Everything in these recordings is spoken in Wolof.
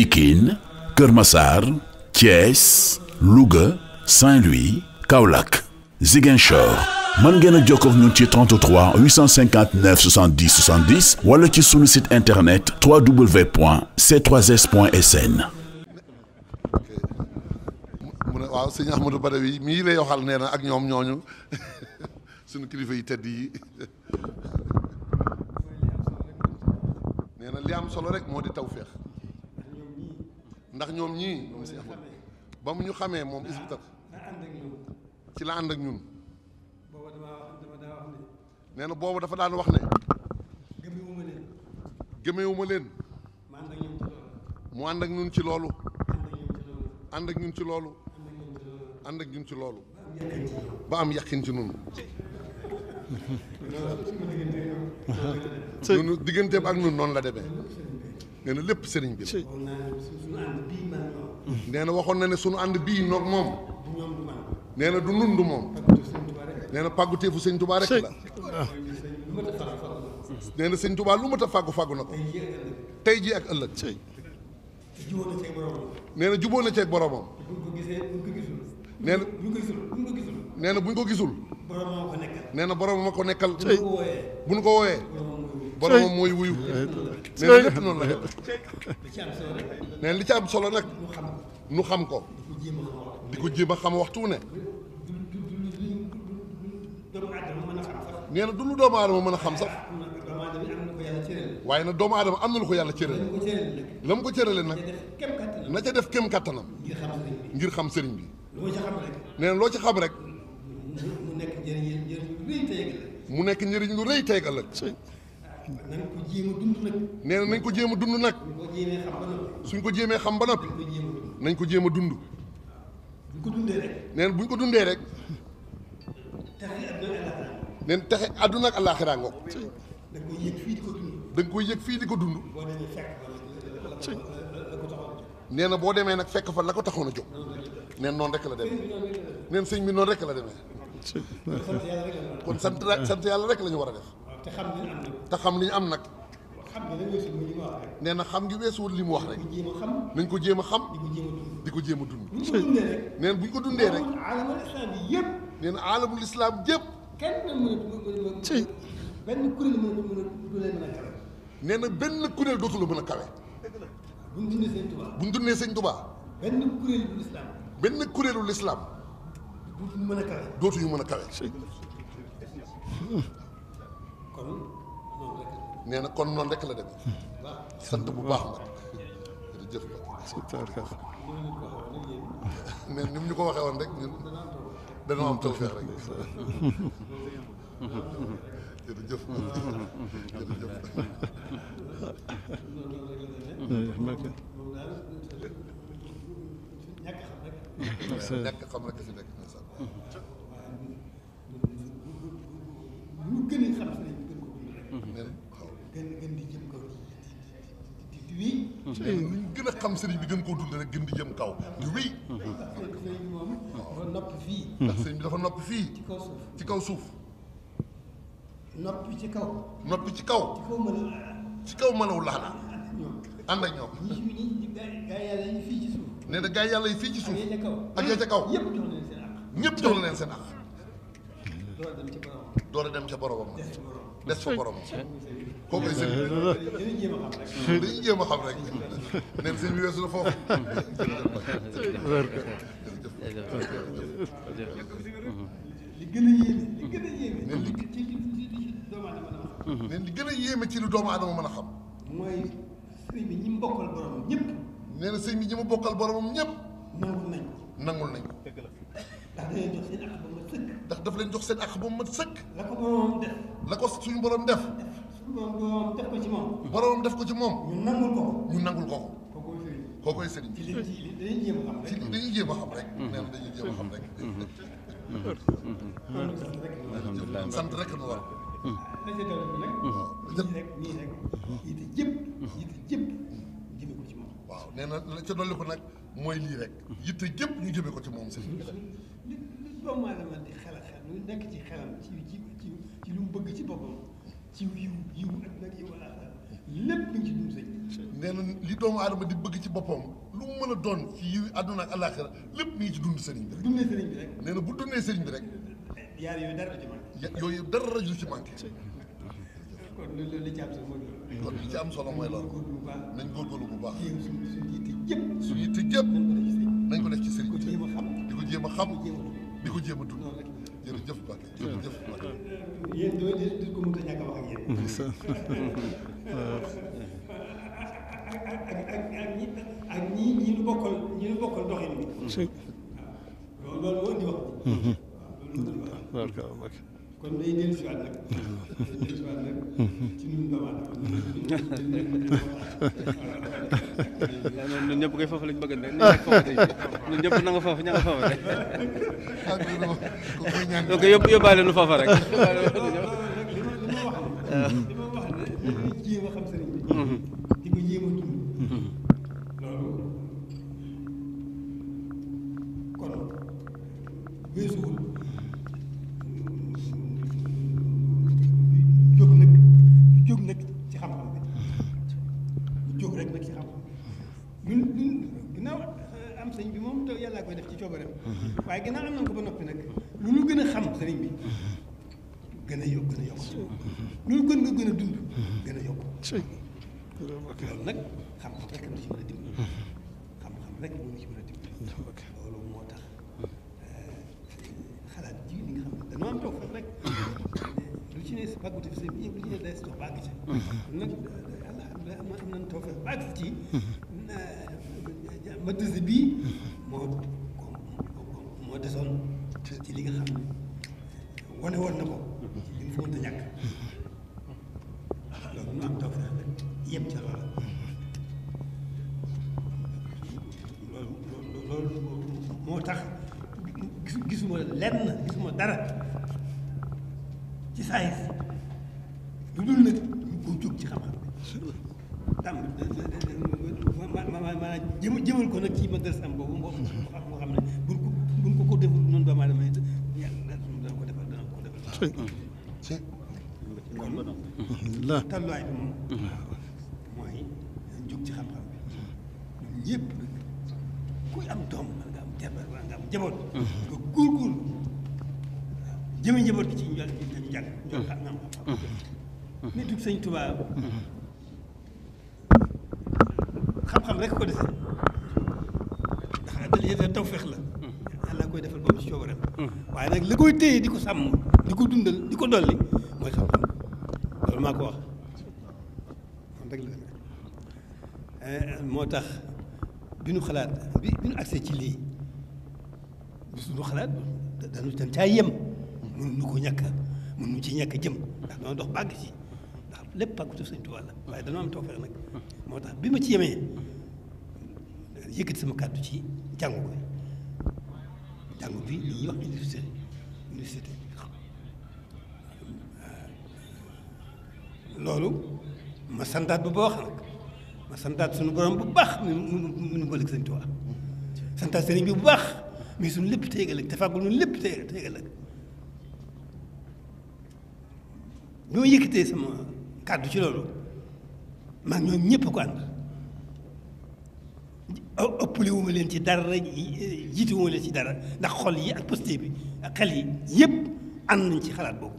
Pikine kërmasar Massar Thiès Louga Saint-Louis Kaolack Ziguinchor mën ngeen a jokkoo ak ñun ci 33 859 70 70 wala ci sunu site internet www.c3s.sn. waaw sëñ Ahmadou Badawi mii lay waxal nee ak ñoom ñooñu sunu kilifa yi tedd yi di ndax ñoom ñii ñoom si Ahmad ba mu ñu xamee moom is ci la ànd ak ñun nee na boobu dafa daan wax ne gëmewuma leen gëmewuma leen mu ànd ak ñun ci loolu ànd ak ñun ci loolu ànd ak ci loolu ba am yàqin ci ñun ñunu digganteem ak ñun noonu la demee nee na lépp sëriñ bi la. nee na waxoon na ne sunu ànd bii noog moom. nee na du nun du moom. nee na pàggu teefu sëñ rek la. nee na sëñ lu mat a fàggu fàggu na ko. tey jii ak ëllëg. nee na jubóo na ceeg boromam. nee na nee na buñ ko gisul. nee na boromam a ko nekkal. bu ñu ko wooyee. boromam mooy wuyu. nee na lépp noonu la nee li ci am solo nag nu xam ko di ko jéem a xam waxtu ne nee na du lu doomu aadama mën a xam sax waaye nag doomu aadama am na lu ko yàlla cërale la mu ko cërale nag na ca def kem kattanam ngir xam sëriñ bi nee loo ci xam rek mu nekk njëriñ lu rëy tey ëllëg nañ ko nañ ko jéem a dund nag. suñ ko jéemee xam ba noppi. nañ ko jéem a dund. buñ buñ ko dundee rek. neen taxe àdduna ak àllaaxira ngoog. fii di ko dund. da nga na boo demee nag fekk fa la ko taxoon a jóg. neen noonu rek la demee. neen sëñ bi noonu rek la demee. kon sant sant yàlla rek lañu war a def. te xam li ñu am nag. te xam li ñu am nee na xam ngi weesuwul li mu wax rek. nañ ko jéem a xam. di ko jéem a dund. nee na bu ñu ko dundee rek. nee na alamul islam yëpp. ci. nee na benn kuréel dootul mën a kawe. bu ñu dundee sëñ Tuubaa. bu benn kuréelu lislaam. benn kuréelu lislaam. mën a kawe. dootuñu mën a kawe. nee na kon noonu rek la demee. sant bu baax nag. jërëjëf waxee woon rek ñun dañoo am tawfeex rek. jërëjëf. ngeen waaw mhm. bi gën koo dund jëm kaw mhm. mhm. dafa noppi fii. ci kaw suuf ci ci kaw. ci kaw. kaw mënaw ci kaw mënaw yàlla yi fii ci suuf. ak ya ca kaw ñëpp jox leen seen àq. ñëpp dem ca boromam. door a des fa borom kooku eh, eh, ay eh. sëñ bi dañuy jéem a xam rek neen sëñ bi weesu na foofu li gën a yéeme li gën a yéeme neen li neen li gën a yéeme ci lu doomu aadama mën a xam mooy sëñ bi ñi mu bokkal boromam ñëpp nee na sëñ bi ñi ma bokkal boromam ñëpp nangul nañ ko nangul nañ ko ndax daf leen jox seen àq moom mat sëkk. la ko boroom def. la ko suñu boroom def. suñu boroom def ko ci moom. boroom def ko ci moom. ñu nangul ko ñu nangul ko. kookoy sëriñ bi dañuy jéem a xam rek dañuy jéem a xam rek. nee na dañuy jéem a xam rek. alhamdulilah sant rek nu war. la ca dara bi nag. waaw nii rek nii rek. yitte jëpp. yitte jëpp jëme ko ci moom. waaw nee na la ca dolli ko nag mooy lii rek. yitte jëpp ñu jëme ko ci moom sëriñ bi. li li doomu aadama di xalaat. lu nekk ci xelam ci ci ci ci lu mu bëgg ci boppam ci yiw yiw ak nag yiw lépp ngi ci dund sëñ bi. nee na li doomu aadama di bëgg ci boppam lu mu a doon ci yiw àdduna ak alaaxira lépp mi ngi ci dund sëriñ bi rek. dundee sëriñ bu dundee sëriñ bi rek. yaar yooyu dara du ci manqué. yooyu dara du ci manqué. kon loolu li ci am solo mooy loolu. kon li ci am solo mooy loolu. nañ góorgóorlu bu baax nañ góorgóorlu bu baax. nañ ko def ci sëriñ bi. nañ ko def ci sëriñ bi ko jéem a xam di ko jéem dund jërëjëf Mbacke jërëjëf Mbacke. yéen doo di ko mën a ñàkk a wax ak yéen. ak ak ñi ñi ñu bokkal ñi ñu bokkal doxin bi. loolu loolu moo indi wax. Mhm. waaw loolu kon day dellu si waat nag. day dellu si waat lañ bëgg rek ñun ñëpp na nga foofu ña nga yóbbaale nu foofa rek. yàllaa koy def ci coobareem waaye ginnaaw am na ko ba noppi nag lu ñu gën a xam sëriñ gën a yokk gën a yokk lu gën nga gën a dund gën a yokk loolu na ci mën a moo a dimbali loolu moo tax eh, xalaat ji li nga xam ne am toog foofu rek lu ci ne bàggute fi sëriñ bi yëpp lu ci ne day toog foofu ci ma bii moo moo desoon ci li nga xam ne wane woon na ko li nga fa mënta ñàkk loolu moo tax gisuma lenn gisuma dara ci saayis lu dul nag ñu ko jóg ci xam tam maanaam jëm jëmal ko nag ci am boobu moo xam ko mooy jóg ci xam-xam bi ñun kuy am doom war nga am jabar war nga am jaboot nga góorgóorlu jëme njaboot gi ci ñu nga am xam-xam mais du sëñ Tuubaa xam-xam rek ko dese ndax dafa tawféex la yàlla koy defal boobu ci coobareem mm-hmm. waaye nag li koy téye di ko sàmm di ko dundal di ko dolli mooy xam-xam loolu maa ko wax rek la eh, moo tax bi nu xalaat bi bi nu accès ci lii bi suñu xalaat dañu dañ caa yem mun nu ko ñàkk mun nu ci ñàkk jëm ndax doon dox bàgg ci lépp pàggatu sëñ Tuubaa la waaye dañoo am tawfeex nag moo tax bi ma ci yemee yëkkati sama kàddu ci jàngu ko jàngu bi li ñuy wax université université loolu ma santaat bu baax nag ma santaat bu baax mu mu bi bu baax mais suñu lépp téyegal ak te fàggul lépp téyegal ak ñoo yëkkatee sama kàddu ci loolu maag ñoom ñëpp ko ànd ëppale wu leen ci dara jiitu wu leen ci dara ndax xol yi ak posté bi yi yépp ànd nañ ci xalaat boobu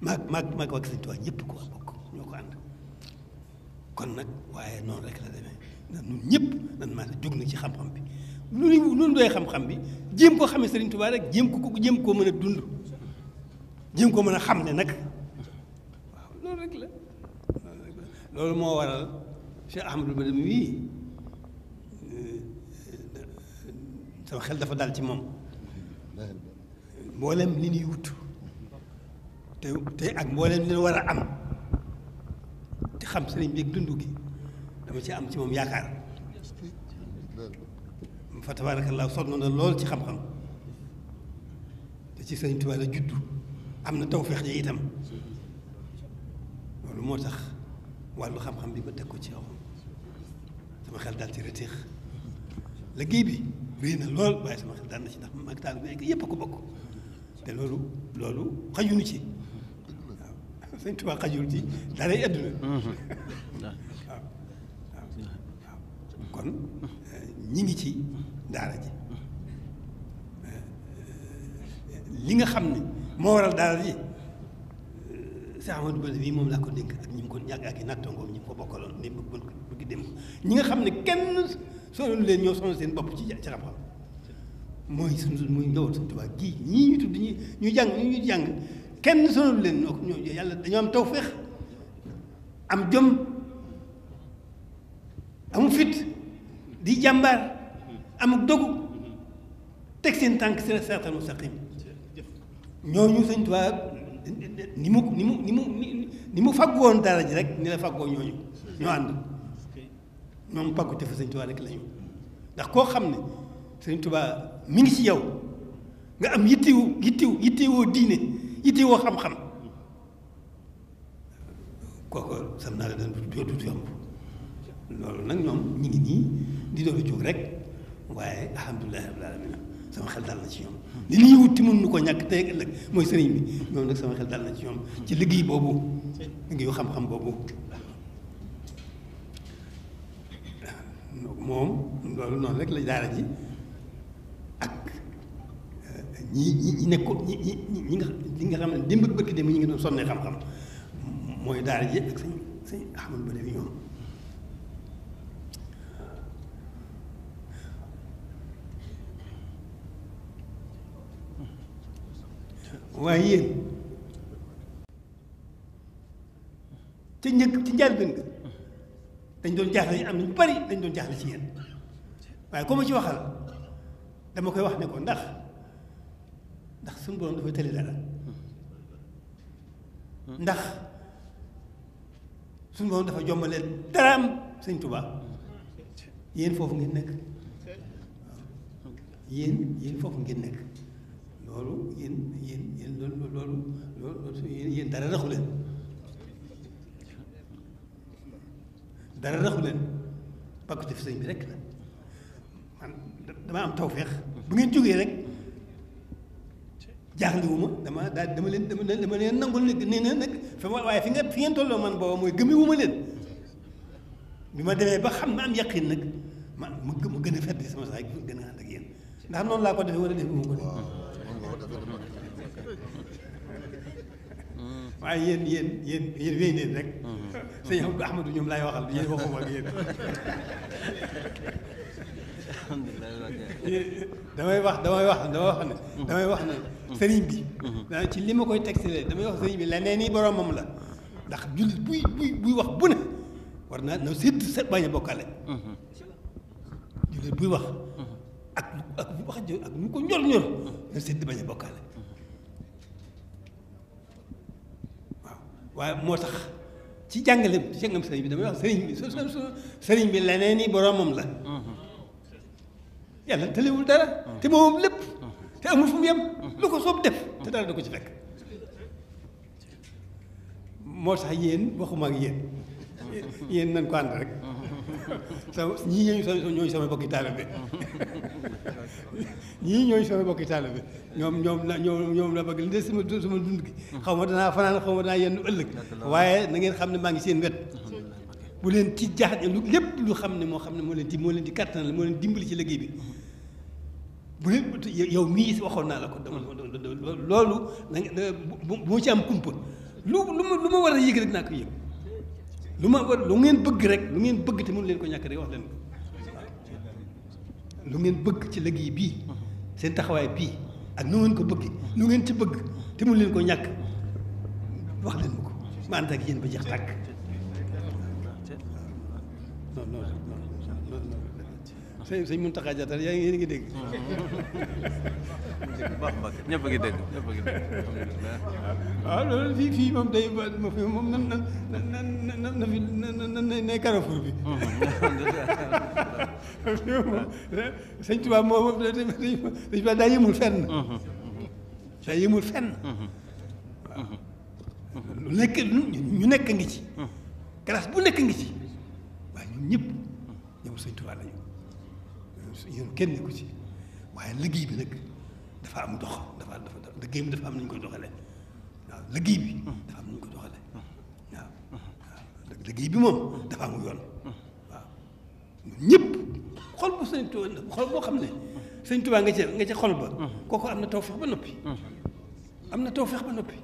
maag maag maag waa Sëñ Tuubaa ñëpp ko bokk ñoo ko ànd kon nag waaye noonu rek la demee na ñun ñëpp nan maa jóg na ci xam-xam bi lu ñu lu ñu doy xam-xam bi jéem koo xamee Sëriñ Tuubaa rek jéem ko jéem koo mën a dund jéem ko mën a xam ne nag waaw loolu rek la loolu moo waral Cheikh Ahmadou Bamba wii eh, sama xel dafa dal ci moom mboolem li ñuy wut te te ak mboolem li ñu war a am te xam sëriñ bi ak dund gi dama ci am ci moom yaakaar fa tabaarakallaa sonn na lool ci xam-xam te ci sëriñ Tuubaa la juddu am na tawfeex ji itam loolu moo tax wàllu xam-xam bi ma teg ko ci yow sama xel daal ci rëtix liggéey bi rëy na lool waaye sama xel daal na ci ndax mag taal bi ak yëpp ko bokk te loolu loolu xajunu ci waaw sëñ Tuubaa xajul ci daray adduna mhm. kon eh, ñi ngi ci daara ji moo waral daal ji euh, Cheikh Ahmadou Bamba bii moom laa ko dénk ak ñi mu ko ñàkk ak i nattangoom ñi mu ko bokkaloon ni mu bëgg bëgg dem ñi nga xam ne kenn sonal leen ñoo sonal seen bopp ci ci xam mooy suñu muy njëwal suñu tubaab gii ñu tudd ñi ñu ñu jàng kenn sonal leen ñoo ñoo yàlla dañoo am tawféex am jom amu fit di jàmbaar am dogu teg seen tànk seen siraatal mustaqim ñooñu sëñ Tuubaa ni mu ni mu ni mu ni mu faggu woon ji rek ni la faggoo ñooñu ñoo ànd ñoom pàggu te fa sëñ Tuubaa rek la ñu ndax koo xam ne sëñ Tuubaa mi ngi ci yow nga am yittiwu yittiwu yittiwoo diine yittiwoo xam-xam kooku sam naa la dan du yomb loolu nag ñoom ñu ngi nii di doon jóg rek waaye alhamdulilahi sama xel dal na ci ñoom li ñuy wutti mën nu ko ñàkk te ëllëg mooy sëriñ bi ñoom nag sama xel dal na ci ñoom ci liggéey boobu liggéeyu xam-xam boobu moom loolu noonu rek la daara ji ak eh, ñi ñi nekkoon ñi ñi ñi nga ñi nga xam ne démb bëkk démb ñu ngi doon sonnee xam-xam mooy daara ji ak sañ sañ xamal ba def ñoom waaye yéen njëkk ci njëlbéen ga dañ doon jaaxle am nañu bari dañ doon jaaxle ci yéen waaye comme ci waxal dama koy wax ne ko ndax ndax suñu borom dafa tële dara ndax suñu borom dafa jombalee daraam sëñ Tuubaa yéen foofu ngeen nekk yéen yéen foofu ngeen nekk loolu yéen yéen yéen loolu loolu loolu yéen dara raxu leen dara raxu leen pàkkute fi sëñ bi rek la man dama am tawféex bu ngeen jógee rek jaaxle wu ma dama daal dama leen dama leen dama leen nangul ne nee na nag fi waaye fi nga fi ngeen tolloo man booba mooy gëmee wu ma leen bi ma demee ba xam ma am yaqin nag ma ma gën a fedd sama sax gën a ànd ak yéen ndax noonu laa ko defe wala defee wu ma ko. waaye yéen yéen yéen yéen wéy neen rek mm-hmm. sëñ Abdou Ahmadou ñoom laay waxal yéen waxuma ak yéen damay wax damay wax damay wax ne mm-hmm. damay wax ne mm-hmm. sëriñ bi daa ah, ci li ma koy tegtale damay wax sëriñ bi leneen yi boromam la ndax jullit buy buy buy wax bu ne war naa na sédd sa bokkale jullit buy wax ak ak wax ak ñu ko ñor ñor na sédd bañ bokkale waaye moo tax ci jàngale ci jàngam sëriñ bi damay wax sëriñ bi su su sëriñ bi leneen ni boromam la yàlla tëlewul dara te moom lépp te amul fu mu yem lu ko soob def te dara du ko ci fekk moo tax yéen waxuma ak yéen yéen nañ ko ànd rek sama ñii ñooy sama ñooy sama bokki taalibe ñii ñooy sama bokki bi ñoom ñoom la ñoom ñoom la bëgg li des sama sama dund gi xaw ma danaa fanaan xaw ma danaa yenn ëllëg waaye na ngeen xam ne maa ngi seen wet bu leen ci jaaxle lu lépp lu xam ne moo xam ne moo leen di moo leen di kattan la moo leen dimbali ci liggéey bi bu leen yow mii waxoon naa la ko loolu na bu mu ci am kumpa lu lu ma lu ma war a yëg rek naa ko yëg lu ma war lu ngeen bëgg rek lu ngeen bëgg te mënu leen ko ñàkk rek wax leen ko lu ngeen bëgg ci liggéey bii seen taxawaay bii ak nu ngeen ko bëgg lu ngeen ci bëgg te mënu leen ko ñàkk wax leen ma ko ma ànd ak ko ba jeex tàkk sëñ sëñ Mountakha Diatta yaa ngi yéen a ngi dégg. ñëpp a ngi dégg ñëpp a ngi dégg waaw ah, loolu fii fii moom day ma fi moom nan nan nan nan nan nan nan nay Carrefour bi. sëñ Tuubaa moom dañu fa daa yëmul fenn. daa yëmul fenn. lu nekk ñu nekk ngi ci. classe bu nekk ngi ci waaye ñun ñëpp. yoon kenn nekku ci waaye liggéey bi nag dafa am dox dafa dafa liggéey dafa am nu ko koy doxalee waaw liggéey bi dafa am nu ñu koy doxalee waaw bi moom dafa am yoon waaw ñëpp xol bu sëñ Tuubaa xol boo xam ne sëñ Tuubaa nga nga ca xol ba kooku am na tawfeex ba noppi am na tawfeex ba noppi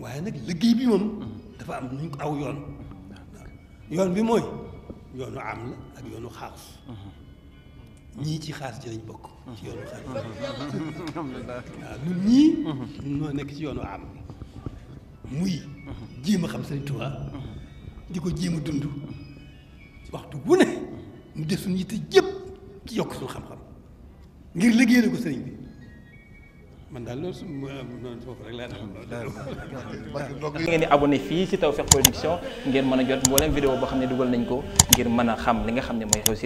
waaye nag liggéey bi moom dafa am nu aw yoon yoon bi mooy yoonu am ak yoonu xaas ñii ci xaas ji lañ bokk ci yoonu xaas waaw ñun ñii noo nekk ci yoonu am muy jéem a xam Sëriñ Tuubaa di ko jéem a dund waxtu bu ne ñu def suñu yitte jëpp ci yokk suñu xam-xam ngir liggéeyal ko sëriñ bi man daal loolu su ah, ma foofu rek laa taxaw loolu. ngeen di abonné fii ci Tawfekh Production ngeen mën a jot mboolem vidéo boo xam ne dugal nañ ko ngir mën a xam li nga xam ne mooy xew ci